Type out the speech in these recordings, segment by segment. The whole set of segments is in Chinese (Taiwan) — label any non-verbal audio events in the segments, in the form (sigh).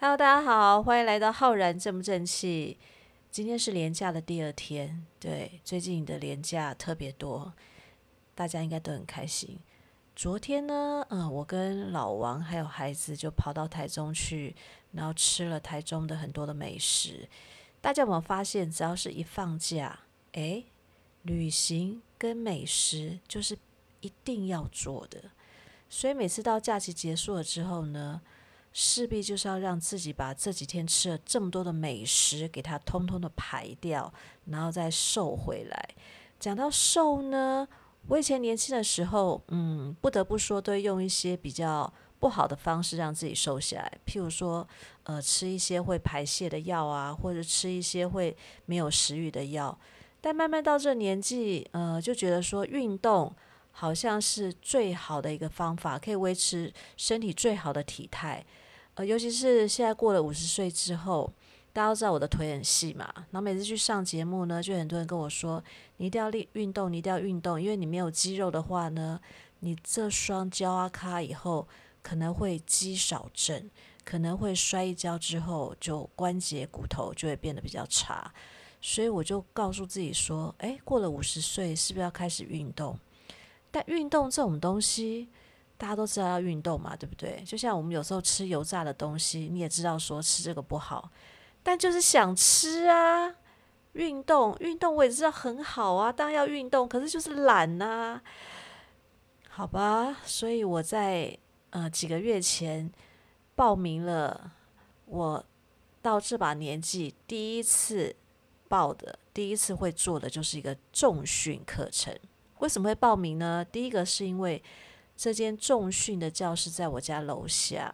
Hello，大家好，歡迎來到浩然正不正氣。今天是連假的第二天，對，最近你的連假特別多，大家應該都很開心。昨天呢，嗯，我跟老王還有孩子就跑到台中去，然後吃了台中的很多的美食。大家有沒有發現，只要是一放假，誒，旅行跟美食就是一定要做的。所以每次到假期結束了之後呢，勢必就是要讓自己把這幾天吃了這麼多的美食給它通通的排掉，然後再瘦回來。講到瘦呢，我以前年輕的時候，嗯，不得不說都用一些比較不好的方式讓自己瘦下來，譬如說，呃，吃一些會排泄的藥啊，或者吃一些會沒有食欲的藥。但慢慢到這年紀，呃，就覺得說運動好像是最好的一個方法，可以維持身體最好的體態。呃，尤其是現在過了五十歲之後，大家都知道我的腿很細嘛，然後每次去上節目呢，就很多人跟我說，你一定要練運動，你一定要運動，因為你沒有肌肉的話呢，你這雙腳啊卡以後可能會肌少症，可能會摔一跤之後就關節骨頭就會變得比較差，所以我就告訴自己說，哎，過了五十歲是不是要開始運動？但運動這種東西。大家都知道要運動嘛，對不對？就像我們有時候吃油炸的東西，你也知道說吃這個不好，但就是想吃啊。運動，運動我也知道很好啊，當然要運動，可是就是懶吶啊，好吧。所以我在呃幾個月前報名了，我到這把年紀第一次報的，第一次會做的就是一個重訓課程。為什麼會報名呢？第一個是因為。這間重訓的教室在我家樓下。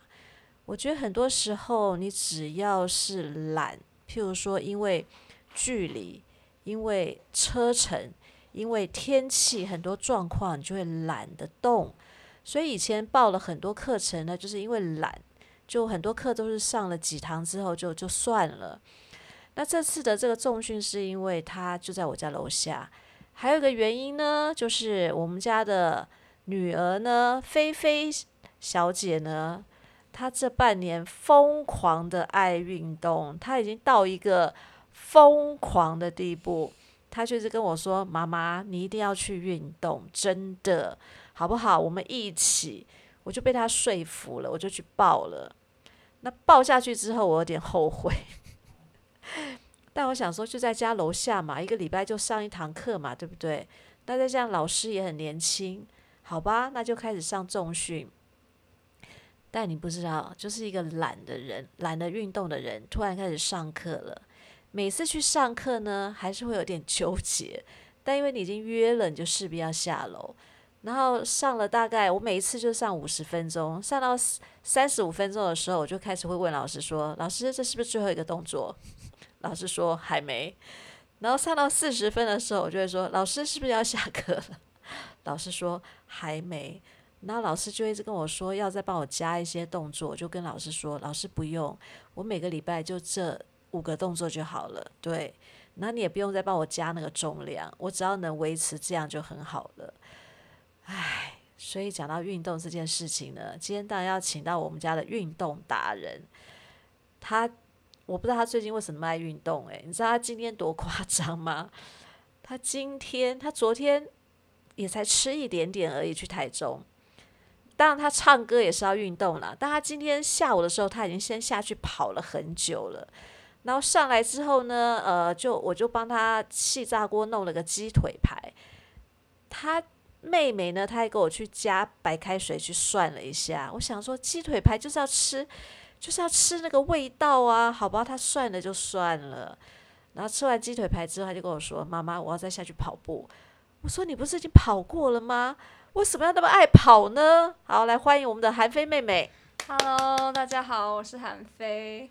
我覺得很多時候，你只要是懶，譬如說因為距離、因為車程、因為天氣，很多狀況，你就會懶得動。所以以前報了很多課程呢，就是因為懶，就很多課都是上了幾堂之後就就算了。那這次的這個重訓是因為它就在我家樓下，還有一個原因呢，就是我們家的。女兒呢？菲菲小姐呢？她這半年瘋狂的愛運動，她已經到一個瘋狂的地步。她就是跟我說：“媽媽，你一定要去運動，真的好不好？我們一起。”我就被她說服了，我就去報了。那報下去之後，我有點後悔。但我想說，就在家樓下嘛，一個禮拜就上一堂課嘛，對不對？那在這樣，老師也很年輕。好吧，那就開始上重訓。但你不知道，就是一個懶的人，懶得運動的人，突然開始上課了。每次去上課呢，還是會有點糾結。但因為你已經約了，你就勢必要下樓。然後上了大概，我每一次就上五十分鐘，上到三十五分鐘的時候，我就開始會問老師說：“老師，這是不是最後一個動作？”老師說：“還沒。”然後上到四十分的時候，我就會說：“老師，是不是要下課了？”老師說，還沒。然後老師就一直跟我說要再幫我加一些動作，就跟老師說，老師不用，我每個禮拜就這五個動作就好了，對，那你也不用再幫我加那個重量，我只要能維持這樣就很好了。唉，所以講到運動這件事情呢，今天當然要請到我們家的運動達人，他我不知道他最近為什麼愛運動，誒，你知道他今天多誇張嗎？他今天，他昨天。也才吃一點點而已，去台中，當然，他唱歌也是要運動了。但他今天下午的時候，他已經先下去跑了很久了。然後上來之後呢，呃，就我就幫他氣炸鍋弄了個雞腿排。他妹妹呢，她還跟我去加白開水去涮了一下。我想說，雞腿排就是要吃，就是要吃那個味道啊，好不好？他涮了就算了。然後吃完雞腿排之後，他就跟我說：“媽媽，我要再下去跑步。”我說，你不是已經跑過了嗎？為什麼要那麼愛跑呢？好，來歡迎我們的韓菲妹妹。Hello，大家好，我是韓菲。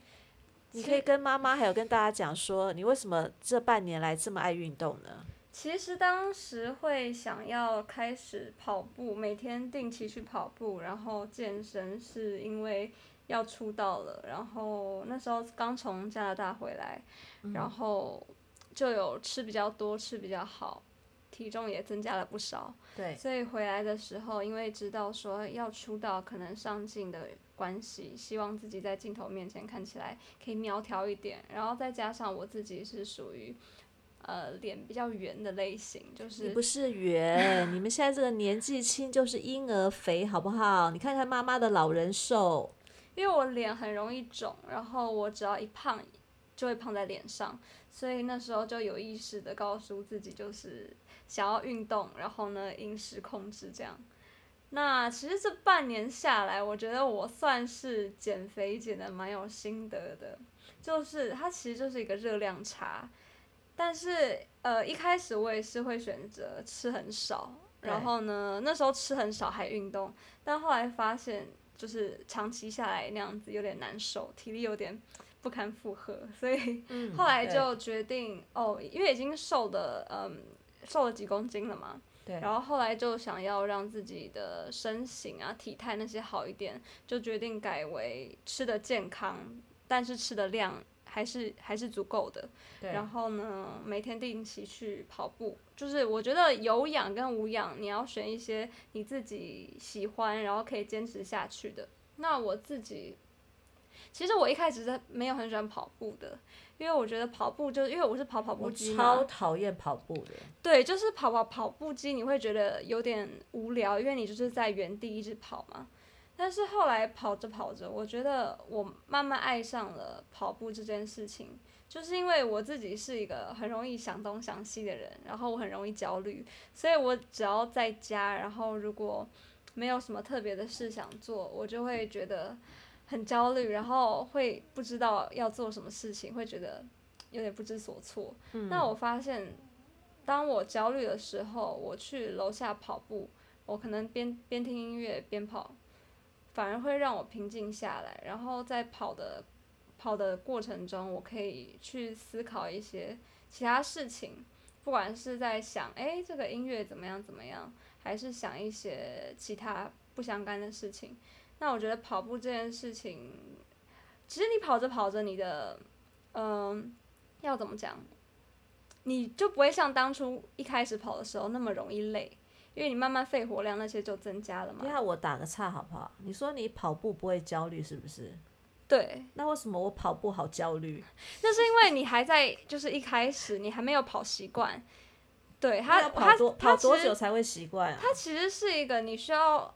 你可以跟媽媽還有跟大家講說，你為什麼這半年來這麼愛運動呢？其實當時會想要開始跑步，每天定期去跑步，然後健身，是因為要出道了。然後那時候剛從加拿大回來，然後就有吃比較多，吃比較好。體重也增加了不少，對，所以回來的時候，因為知道說要出道，可能上鏡的關係，希望自己在鏡頭面前看起來可以苗條一點，然後再加上我自己是屬於，呃，臉比較圓的類型，就是你不是圓， (laughs) 你們現在這個年紀輕就是嬰兒肥，好不好？你看看媽媽的老人瘦，因為我臉很容易腫，然後我只要一胖，就會胖在臉上，所以那時候就有意識的告訴自己就是，想要運動，然後呢，飲食控制這樣。那其實這半年下來，我覺得我算是減肥減的蠻有心得的。就是它其實就是一個熱量差，但是呃，一開始我也是會選擇吃很少，然後呢，Right. 那時候吃很少還運動，但後來發現就是長期下來那樣子有點難受，體力有點不堪負荷，所以、嗯、後來就決定對哦，因為已經瘦的嗯。瘦了幾公斤了嘛，對然後後來就想要讓自己的身形啊、體態那些好一點，就決定改為吃得健康，但是吃的量還是還是足夠的。對然後呢，每天定期去跑步，就是我覺得有氧跟無氧，你要選一些你自己喜歡，然後可以堅持下去的。那我自己，其實我一開始是沒有很喜歡跑步的。因為我覺得跑步就，就是因為我是跑跑步機嘛，我超討厭跑步的。對，就是跑跑跑步機，你會覺得有點無聊，因為你就是在原地一直跑嘛。但是後來跑着跑着，我覺得我慢慢愛上了跑步這件事情，就是因為我自己是一個很容易想東想西的人，然後我很容易焦慮，所以我只要在家，然後如果沒有什麼特別的事想做，我就會覺得。很焦慮，然後會不知道要做什麼事情，會覺得有點不知所措。嗯、那我發現，當我焦慮的時候，我去樓下跑步，我可能邊邊聽音樂邊跑，反而會讓我平靜下來。然後在跑的跑的過程中，我可以去思考一些其他事情，不管是在想，誒，這個音樂怎麼樣怎麼樣，還是想一些其他不相干的事情。那我覺得跑步這件事情，其實你跑着跑着，你的，嗯，要怎麼講，你就不會像當初一開始跑的時候那麼容易累，因為你慢慢肺活量那些就增加了嘛。那、啊、我打個岔好不好？你說你跑步不會焦慮是不是？對。那為什麼我跑步好焦慮？那是因為你還在，就是一開始你還沒有跑習慣。對，他跑多他他跑多久才會習慣啊？他其實是一個你需要。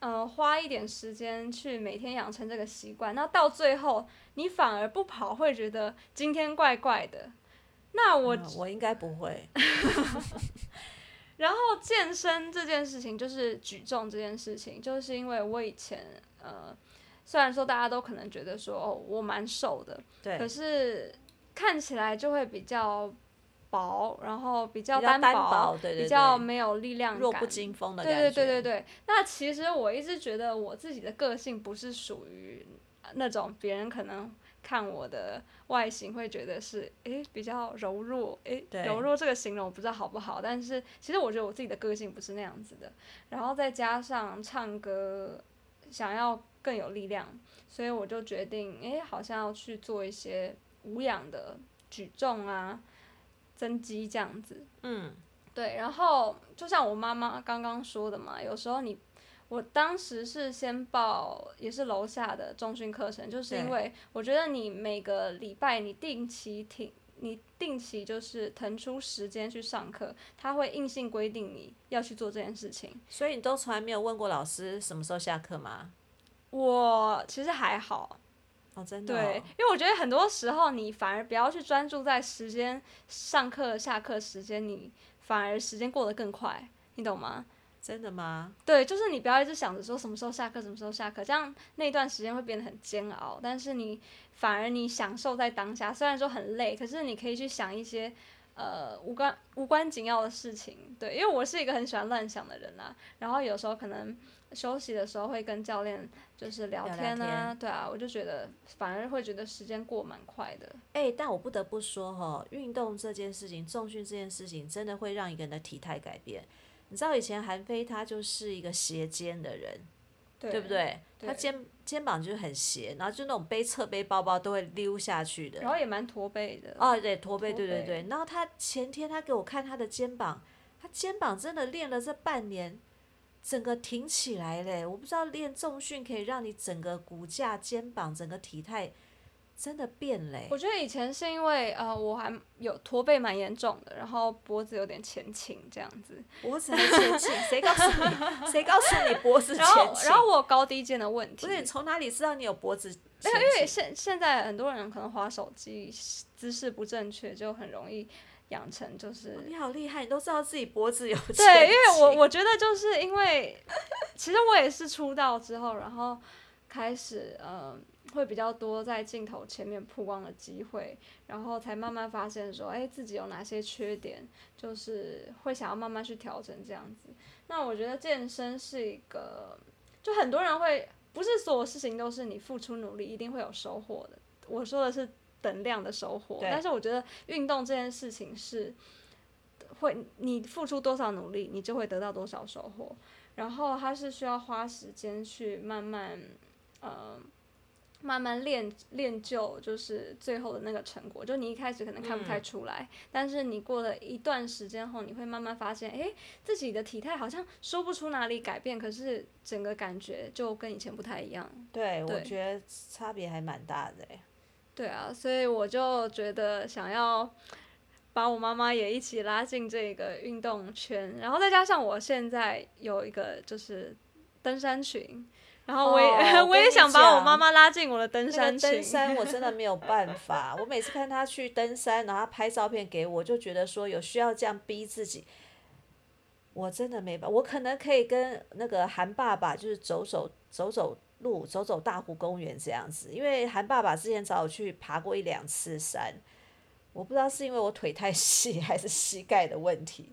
呃，花一點時間去每天養成這個習慣，那到最後你反而不跑，會覺得今天怪怪的。那我、嗯、我應該不會。 (laughs) 然後健身這件事情，就是舉重這件事情，就是因為我以前呃，雖然說大家都可能覺得說、哦、我蠻瘦的，對，可是看起來就會比較。薄，然後比較單薄，比較沒有力量感，弱不禁風的感覺。對對對對對。那其實我一直覺得我自己的個性不是屬於那種別人可能看我的外形會覺得是誒比較柔弱，誒對柔弱這個形容我不知道好不好，但是其實我覺得我自己的個性不是那樣子的。然後再加上唱歌想要更有力量，所以我就決定誒好像要去做一些無氧的舉重啊。增肌這樣子，嗯，對，然後就像我媽媽剛剛說的嘛，有時候你，我當時是先報也是樓下的重訓課程，就是因為我覺得你每個禮拜你定期停，你定期就是騰出時間去上課，他會硬性規定你要去做這件事情。所以你都從來沒有問過老師什麼時候下課嗎？我其實還好。哦哦、對，因為我覺得很多時候你反而不要去專注在時間，上課、下課時間，你反而時間過得更快，你懂嗎？真的嗎？對，就是你不要一直想着說什麼時候下課，什麼時候下課，這樣那段時間會變得很煎熬。但是你反而你享受在當下，雖然說很累，可是你可以去想一些呃無關無關緊要的事情。對，因為我是一個很喜歡亂想的人啦、啊，然後有時候可能。休息的時候會跟教練就是聊天啊，聊聊天。對啊，我就覺得反而會覺得時間過蠻快的。哎、欸，但我不得不說哈、哦，運動這件事情，重訓這件事情，真的會讓一個人的體態改變。你知道以前韓菲他就是一個斜肩的人，對，對不對？對他肩肩膀就是很斜，然後就那種背側背包包都會溜下去的，然後也蠻駝背的。哦，對，駝背，背對，對對對。然後他前天他給我看他的肩膀，他肩膀真的練了這半年。整個挺起來嘞！我不知道練重訓可以讓你整個骨架、肩膀、整個體態真的變了。我覺得以前是因為呃，我還有駝背蠻嚴重的，然後脖子有點前傾這樣子。脖子是前傾，誰 (laughs) 告訴你？誰告訴你脖子前？ (laughs) 然後，然後我高低肩的問題。所以從哪裡知道你有脖子有？因為現現在很多人可能滑手機姿勢不正確，就很容易。養成就是，你好厲害，你都知道自己脖子有。對，因為我我覺得就是因為，其實我也是出道之後，然後開始嗯、呃，會比較多在鏡頭前面曝光的機會，然後才慢慢發現說，哎、欸，自己有哪些缺點，就是會想要慢慢去調整這樣子。那我覺得健身是一個，就很多人會，不是所有事情都是你付出努力一定會有收穫的。我說的是。等量的收穫，對但是我覺得運動這件事情是會你付出多少努力，你就會得到多少收穫。然後它是需要花時間去慢慢呃慢慢練練就，就是最後的那個成果。就你一開始可能看不太出來，嗯、但是你過了一段時間後，你會慢慢發現，哎，自己的體態好像說不出哪裡改變，可是整個感覺就跟以前不太一樣。對，對我覺得差別還蠻大的、欸對啊，所以我就覺得想要把我媽媽也一起拉進這個運動圈，然後再加上我現在有一個就是登山群，然後我也、哦、我， (laughs) 我也想把我媽媽拉進我的登山群。登山我真的沒有辦法， (laughs) 我每次看她去登山，然後她拍照片給我，就覺得說有需要這樣逼自己，我真的沒辦法，我可能可以跟那個韓爸爸就是走走走走。路走走，大湖公園這樣子，因為韓爸爸之前找我去爬過一兩次山，我不知道是因為我腿太細還是膝蓋的問題，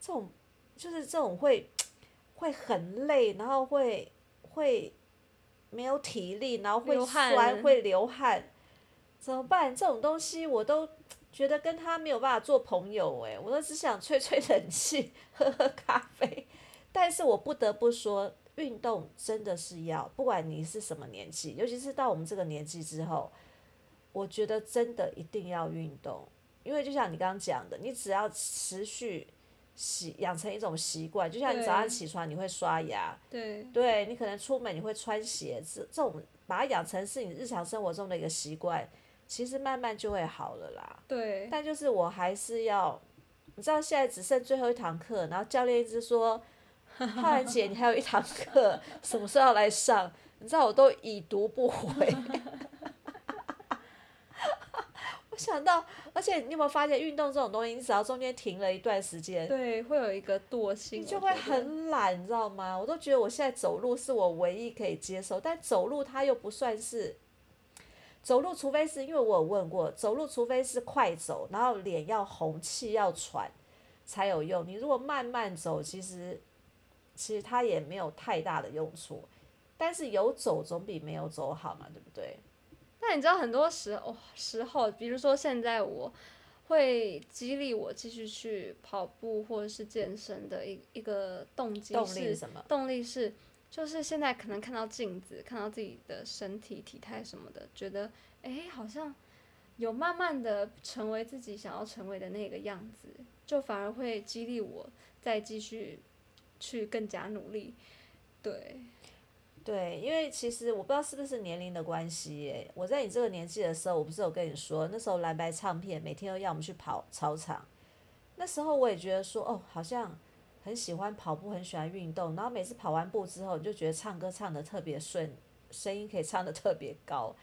這種就是這種會會很累，然後會會沒有體力，然後會酸，流汗，會流汗，怎麼辦？這種東西我都覺得跟他沒有辦法做朋友誒、欸，我都只想吹吹冷氣，喝喝咖啡，但是我不得不說。運動真的是要，不管你是什麼年紀，尤其是到我們這個年紀之後，我覺得真的一定要運動。因為就像你剛剛講的，你只要持續習養成一種習慣，就像你早上起床你會刷牙，對，對，對，你可能出門你會穿鞋子這種，把它養成是你日常生活中的一個習慣，其實慢慢就會好了啦。對，但就是我還是要，你知道現在只剩最後一堂課，然後教練一直說。浩然姐，你還有一堂課，什麼時候要來上？你知道我都已讀不回。 (laughs) 我想到，而且你有沒有發現，運動這種東西，你只要中間停了一段時間，對，會有一個惰性，你就會很懶，你知道嗎？我都覺得我現在走路是我唯一可以接受，但走路它又不算是走路，除非是因為我有問過，走路除非是快走，然後臉要紅、氣要喘才有用。你如果慢慢走，其實。其實它也沒有太大的用處，但是有走總比沒有走好嘛，對不對？但你知道很多時候時候，比如說現在我會激勵我繼續去跑步或者是健身的一一個動機動力是什麼？動力是就是現在可能看到鏡子，看到自己的身體體態什麼的，覺得，誒，好像有慢慢的成為自己想要成為的那個樣子，就反而會激勵我再繼續。去更加努力，對，對，因為其實我不知道是不是年齡的關係誒，我在你這個年紀的時候，我不是有跟你說，那時候藍白唱片每天都要我們去跑操場，那時候我也覺得說，哦，好像很喜歡跑步，很喜歡運動，然後每次跑完步之後，你就覺得唱歌唱得特別順，聲音可以唱得特別高，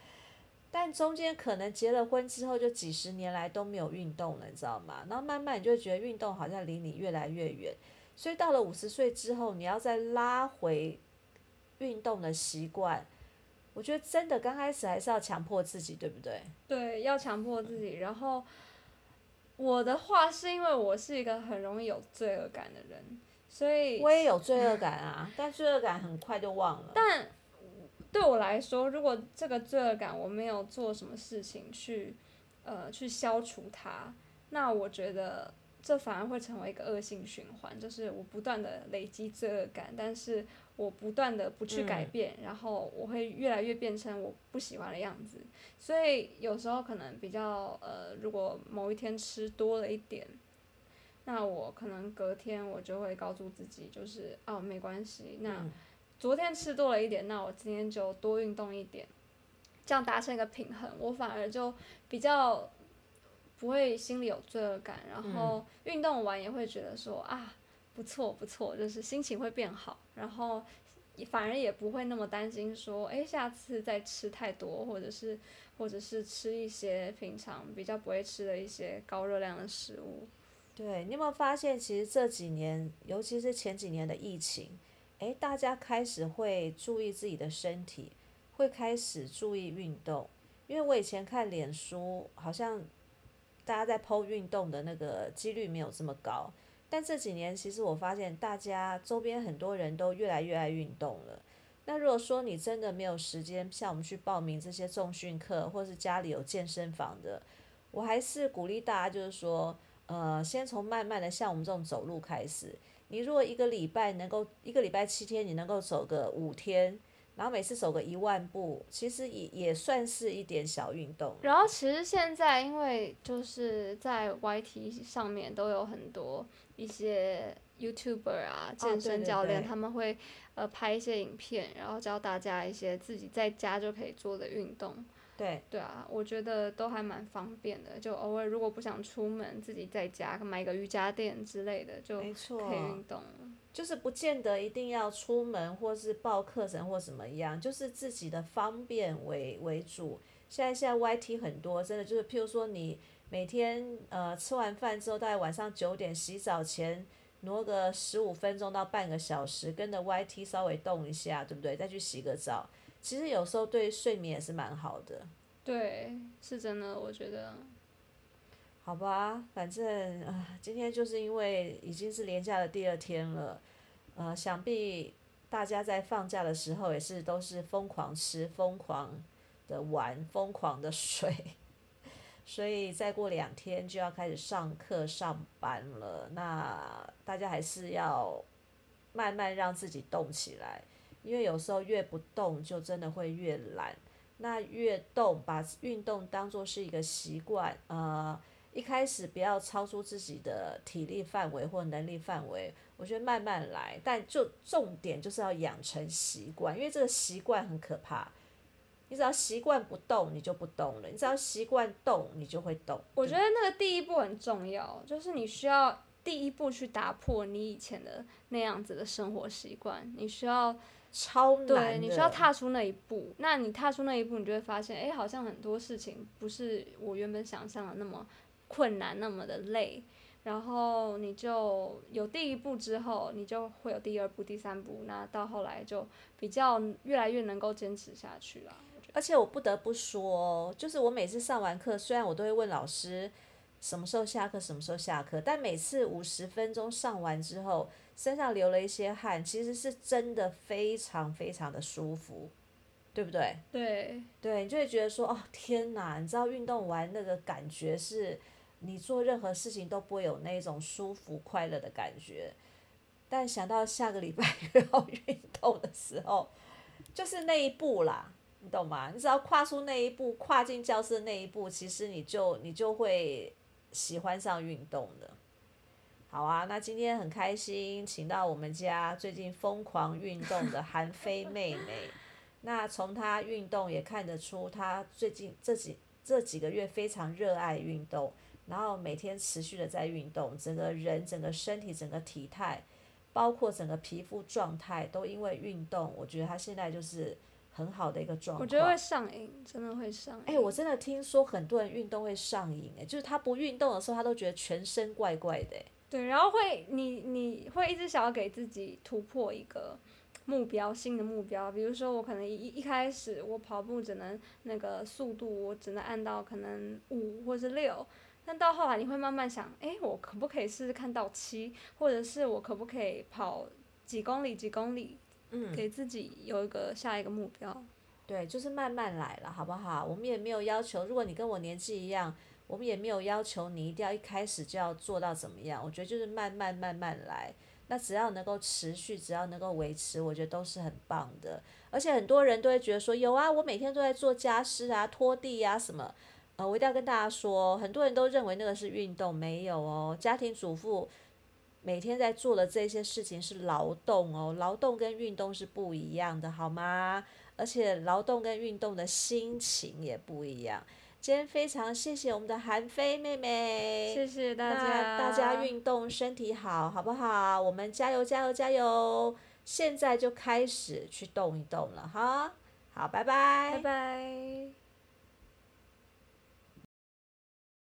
但中間可能結了婚之後，就幾十年來都沒有運動了，你知道嗎？然後慢慢你就覺得運動好像離你越來越遠。所以到了五十歲之後，你要再拉回運動的習慣，我覺得真的剛開始還是要強迫自己，對不對？對，要強迫自己。然後我的話是因為我是一個很容易有罪惡感的人，所以我也有罪惡感啊， (laughs) 但罪惡感很快就忘了。但對我來說，如果這個罪惡感我沒有做什麼事情去，呃，去消除它，那我覺得。這反而會成為一個惡性循環，就是我不斷的累積罪惡感，但是我不斷的不去改變，嗯，然後我會越來越變成我不喜歡的樣子。所以有時候可能比較呃，如果某一天吃多了一點，那我可能隔天我就會告訴自己，就是哦，沒關係，那昨天吃多了一點，那我今天就多運動一點，這樣達成一個平衡，我反而就比較。不會心裡有罪惡感，然後運動完也會覺得說、嗯、啊，不錯不錯，就是心情會變好，然後反而也不會那麼擔心說，哎，下次再吃太多，或者是或者是吃一些平常比較不會吃的一些高熱量的食物。對，你有沒有發現，其實這幾年，尤其是前幾年的疫情，哎，大家開始會注意自己的身體，會開始注意運動，因為我以前看臉書好像。大家在 PO 運動的那個幾率沒有這麼高，但這幾年其實我發現大家周邊很多人都越來越愛運動了。那如果說你真的沒有時間，像我們去報名這些重訓課，或是家裡有健身房的，我還是鼓勵大家，就是說，呃，先從慢慢的像我們這種走路開始。你如果一個禮拜能夠，一個禮拜七天，你能夠走個五天。然後每次走個一萬步，其實也也算是一點小運動。然後其實現在，因為就是在 YT 上面都有很多一些 YouTuber 啊，健身教練，他們會呃拍一些影片，然後教大家一些自己在家就可以做的運動。對。對啊，我覺得都還蠻方便的，就偶爾如果不想出門，自己在家買個瑜伽墊之類的，就。沒錯。可以運動。就是不見得一定要出門或是報課程或怎麼樣，就是自己的方便為為主。現在現在 YT 很多，真的就是，譬如說你每天呃吃完飯之後，大概晚上九點洗澡前挪個十五分鐘到半個小時，跟着 YT 稍微動一下，對不對？再去洗個澡，其實有時候對睡眠也是蠻好的。對，是真的，我覺得。好吧，反正啊，今天就是因為已經是連假的第二天了，呃，想必大家在放假的時候也是都是瘋狂吃、瘋狂的玩、瘋狂的睡，所以再過兩天就要開始上課上班了。那大家還是要慢慢讓自己動起來，因為有時候越不動就真的會越懶，那越動，把運動當作是一個習慣，啊、呃。一開始不要超出自己的體力範圍或能力範圍，我覺得慢慢來。但就重點就是要養成習慣，因為這個習慣很可怕。你只要習慣不動，你就不動了；你只要習慣動，你就會動。我覺得那個第一步很重要，就是你需要第一步去打破你以前的那樣子的生活習慣。你需要超對，你需要踏出那一步。那你踏出那一步，你就會發現，哎、欸，好像很多事情不是我原本想象的那麼。困難，那麼的累，然後你就有第一步之後，你就會有第二步、第三步，那到後來就比較越來越能夠堅持下去了。而且我不得不說，就是我每次上完課，雖然我都會問老師什麼時候下課、什麼時候下課，但每次五十分鐘上完之後，身上流了一些汗，其實是真的非常非常的舒服，對不對？對對，你就會覺得說哦天哪，你知道運動完那個感覺是。你做任何事情都不會有那種舒服快樂的感覺，但想到下個禮拜要運動的時候，就是那一步啦，你懂嗎？你只要跨出那一步，跨進教室那一步，其實你就你就會喜歡上運動的。好啊，那今天很開心，請到我們家最近瘋狂運動的韓菲妹妹。 (laughs) 那從她運動也看得出，她最近這幾這幾個月非常熱愛運動。然後每天持續的在運動，整個人，整個身體、整個體態，包括整個皮膚狀態，都因為運動，我覺得他現在就是很好的一個狀態。我覺得會上癮，真的會上癮。誒，欸，我真的聽說很多人運動會上癮，誒，就是他不運動的時候，他都覺得全身怪怪的欸。對，然後會你你會一直想要給自己突破一個目標，新的目標，比如說我可能一一開始我跑步只能那個速度，我只能按到可能五或是六。但到後來你會慢慢想，哎、欸，我可不可以試試看到七？或者是我可不可以跑幾公里、幾公里，嗯，給自己有一個下一個目標。對，就是慢慢來了，好不好？我們也沒有要求，如果你跟我年紀一樣，我們也沒有要求你一定要一開始就要做到怎麼樣。我覺得就是慢慢慢慢來，那只要能夠持續，只要能夠維持，我覺得都是很棒的。而且很多人都會覺得說，有啊，我每天都在做家事啊，拖地啊什麼。呃、哦，我一定要跟大家說，很多人都認為那個是運動，沒有哦。家庭主婦每天在做的這些事情是勞動哦，勞動跟運動是不一樣的，好嗎？而且勞動跟運動的心情也不一樣。今天非常謝謝我們的韓菲妹妹，謝謝大家。那大家運動身體好，好不好？我們加油加油加油！現在就開始去動一動了哈。好，拜拜，拜拜。